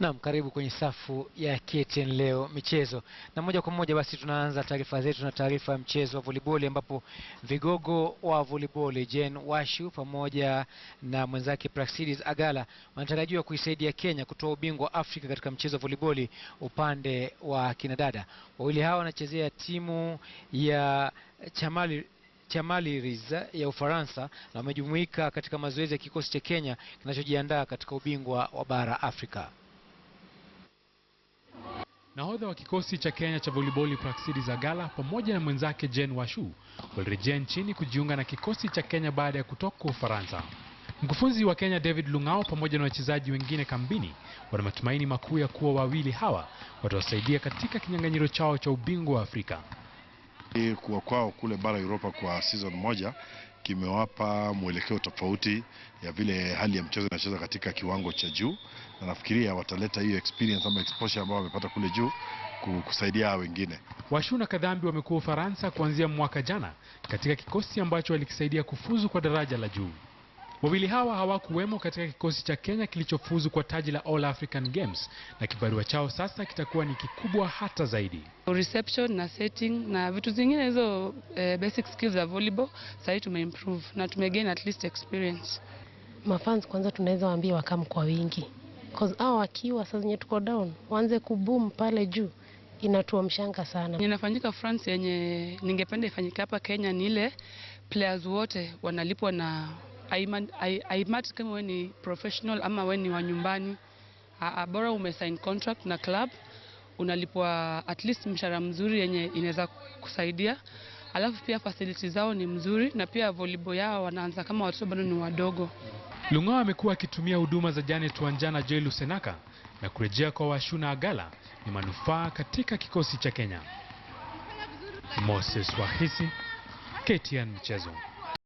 Naam, karibu kwenye safu ya KTN leo michezo, na moja kwa moja basi tunaanza taarifa zetu na taarifa ya mchezo wa voliboli, ambapo vigogo wa voliboli jen Washu pamoja na mwenzake Praxidis Agala wanatarajiwa kuisaidia Kenya kutoa ubingwa wa Afrika katika mchezo wa voliboli upande wa kinadada. Wawili hawa wanachezea timu ya Chamali Chamaliries ya Ufaransa na wamejumuika katika mazoezi ya kikosi cha Kenya kinachojiandaa katika ubingwa wa bara Afrika. Nahodha wa kikosi cha Kenya cha voliboli Praxidi Zagala pamoja na mwenzake jen Washu walirejea nchini kujiunga na kikosi cha Kenya baada ya kutoka Ufaransa. Mkufunzi wa Kenya David Lung'ao pamoja na wachezaji wengine kambini wana matumaini makuu ya kuwa wawili hawa watawasaidia katika kinyang'anyiro chao cha ubingwa wa Afrika. Kuwa kwao kule bara Europa kwa season moja kimewapa mwelekeo tofauti ya vile hali ya mchezo inacheza katika kiwango cha juu, na nafikiria wataleta hiyo experience ama exposure ambayo wamepata kule juu kusaidia wengine. Washuna Kadhambi wamekuwa Ufaransa kuanzia mwaka jana katika kikosi ambacho walikisaidia kufuzu kwa daraja la juu. Wawili hawa hawakuwemo katika kikosi cha Kenya kilichofuzu kwa taji la All African Games na kibarua chao sasa kitakuwa ni kikubwa hata zaidi. Reception na setting na vitu zingine hizo, eh, basic skills za volleyball sasa tumeimprove na tumegain at least experience. Mafans kwanza tunaweza waambia wakam kwa wingi. Cause hao wakiwa sasa zenye tuko down, waanze kuboom pale juu inatua mshanga sana. Inafanyika France yenye ningependa ifanyike hapa Kenya ni ile players wote wanalipwa na haimati kama wewe ni professional ama wewe ni wa nyumbani. Bora umesign contract na club, unalipwa at least mshahara mzuri yenye inaweza kusaidia. Alafu pia facilities zao ni mzuri na pia volleyball yao wanaanza kama watoto bado ni wadogo. Lungoa amekuwa akitumia huduma za Janet Wanjana Joel Lusenaka na kurejea kwa Washuna Agala ni manufaa katika kikosi cha Kenya. Moses Wahisi, KTN Michezo.